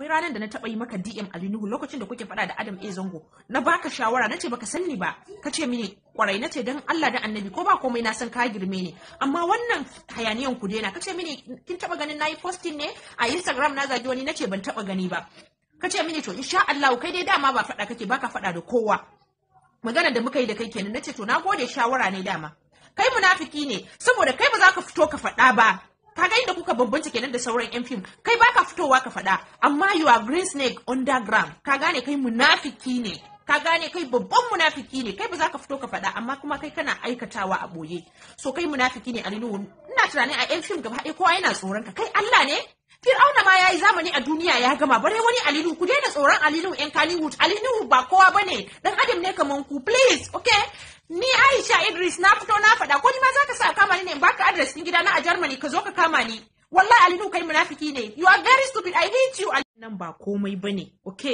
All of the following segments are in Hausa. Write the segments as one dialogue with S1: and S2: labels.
S1: wai ranar da na taɓa yi maka DM Alinuhu lokacin da kuke faɗa da Adam A Zango na baka shawara na ce baka sani ba ka ce mini kwarai ce don Allah da Annabi ko ba komai na san ka girme ne amma wannan hayaniyan ku daina ce mini kin taɓa ganin yi posting ne a Instagram na zagi wani na ce ban taɓa gani ba ka ce mini to insha Allah kai dai dama ba faɗa kake baka faɗa da kowa magana da muka yi da kai kenan na ce to na gode shawara ne dama kai munafiki ne saboda kai ba za ka fito ka faɗa ba kaga inda kuka bambanta kenan da sauran yan fim kai baka fitowa ka faɗa amma you are green snake underground ka gane kai munafiki ne ka gane kai babban munafiki ne kai ba za ka fito ka faɗa amma kuma kai kana aikatawa a ɓoye so kai munafiki ne a ina tunanin a yan fim gaba ɗaya kowa yana tsoron ka kai Allah ne Fir'auna ma yayi zamani a duniya ya gama bare wani alilu ku daina tsoron alilu yan Kaliwut. alilu ba kowa bane dan adam ne kaman ku please okay ni Aisha Idris na fito Germany ne baka address din gidana a Germany ka zo ka kama ni wallahi Ali kai munafiki ne you are very stupid i hate you nan ba komai ne, ok?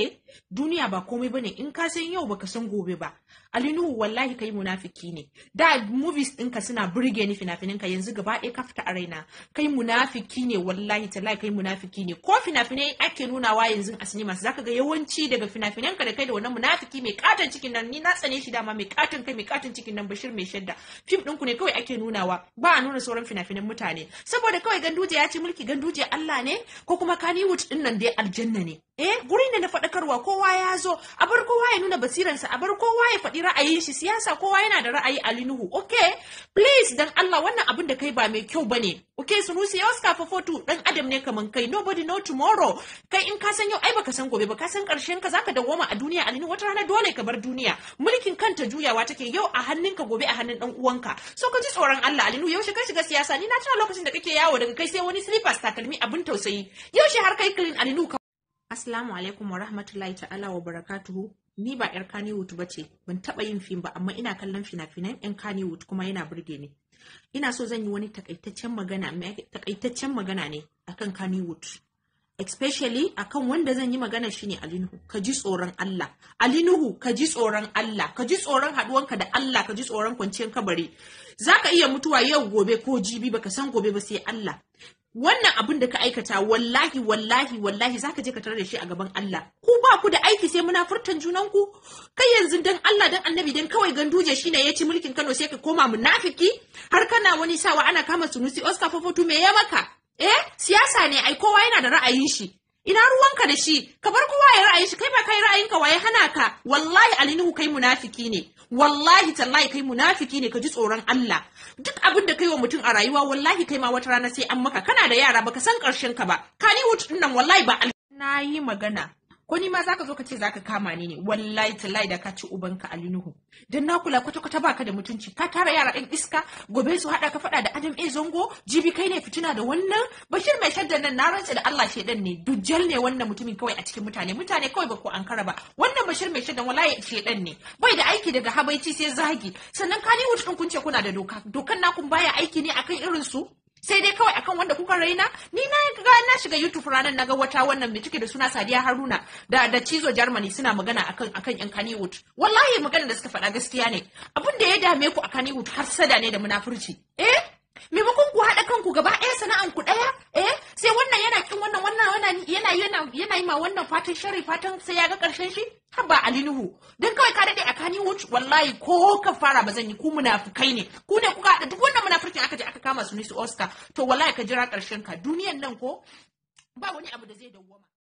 S1: duniya ba komai bane in ka san yau baka san gobe ba alinuhu wallahi kai munafiki ne da movies ɗinka suna burge ni finafinan ka yanzu gaba ɗaya ka fita a raina kai munafiki ne wallahi tallahi kai munafiki ne ko finafinai ake nunawa yanzu a sinima ka ga yawanci daga finafinan ka da kai da wannan munafiki mai katon cikin nan ni na tsane shi dama mai katon kai mai katon cikin nan bashir mai shadda fim ɗinku ne kawai ake nunawa ba a nuna sauran finafinan mutane saboda kawai ganduje ya ce mulki ganduje Allah ne ko kuma wuce ɗin nan dai aljanna ne eh gurin da na faɗakarwa kowa ya zo a bar kowa ya nuna basiransa a bar kowa ya faɗi ra'ayin shi siyasa kowa yana da ra'ayi Ali Nuhu okay please dan Allah wannan abin da kai ba mai kyau bane okay sunusi yau kafa fotu dan adam ne kaman kai nobody know tomorrow kai in ka san yau ai baka san gobe ba ka san karshen ka zaka dawoma a duniya Ali Nuhu wata rana dole ka bar duniya mulkin kanta juyawa take yau a ka gobe a hannun dan uwanka so ka ji tsoron Allah Ali Nuhu yaushe ka shiga siyasa ni na tuna lokacin da kake yawo daga kai sai wani slippers takalmi abin tausayi yaushe har kai clean Ali Nuhu Assalamu alaikum wa rahmatullahi ta'ala wa barakatuhu. Ni ba 'yar Kannywood ba ce, ban taɓa yin fim ba, amma ina kallon fina-finan 'yan Kannywood kuma yana burge ni. Ina so zan yi wani takaitaccen magana, takaitaccen magana ne akan Kannywood. Especially akan wanda zan yi magana shine Alinuhu, ka ji tsoron Allah. Alinuhu, ka ji tsoron Allah, ka ji tsoron haɗuwanka da Allah, ka ji tsoron kwanciyar kabari. Za ka iya mutuwa yau gobe ko jibi baka san gobe ba sai Allah. wannan abin da ka aikata wallahi wallahi wallahi zaka je ka tarar da shi a gaban Allah ku ba ku da aiki sai munafartan junan ku kai yanzu dan Allah dan Annabi dan kawai ganduje shine ya ci mulkin Kano sai ka koma munafiki har kana wani sawa ana kama sunusi Oscar Fofotu me ya maka eh siyasa ne ai kowa yana da ra'ayin shi ina ruwanka da shi ka bar kowa ya ra'ayi shi kai ba kai ra'ayinka waye hana ka wallahi alinihu kai munafiki ne wallahi tallahi kai munafiki ne ka ji tsoron Allah duk abin da kai wa mutum a rayuwa wallahi kai ma wata rana sai an maka kana da yara baka san karshen ka ba kaniwood din nan wallahi ba na yi magana ko ni ma zaka zo ka ce zaka kama ni ne wallahi tallahi da ka ci ubanka alinuhu dan na kula kwata kwata baka da mutunci ka tara yara din iska gobe su hada ka fada da adam e zango jibi kai ne fitina da wannan bashir mai shaddan nan na rantsa da Allah shedan ne dujjal ne wannan mutumin kawai a cikin mutane mutane kawai ba ku ankara ba wannan bashir mai shaddan wallahi shedan ne bai da aiki daga habaici sai zagi sannan kani wuce kun ce kuna da doka dokan naku baya aiki ne akan irin su sai dai kawai akan wanda kuka raina ni na ga na shiga YouTube ranar ga wata wannan mai cike da suna Sadiya Haruna da da Cizo Germany suna magana akan akan yan kanewood wallahi magana da suka faɗa gaskiya ne Abun da ya dame ku a kanewood har sada ne da munafurci eh maimakon ku hada kanku gaba ɗaya sana'an ku ɗaya eh sai wannan yana kin wannan wannan yana yana yana yi ma wannan fatan shari fatan sai ya ga ƙarshen shi haba alinuhu don kawai ka daɗe a Kannywood wallahi ko ka fara ba zan yi ku munafukai ne ku ne kuka haɗa duk mutum aka je aka kama su Mr. Oscar to wallahi ka jira karshen ka duniyan nan ko ba wani abu da zai dawwama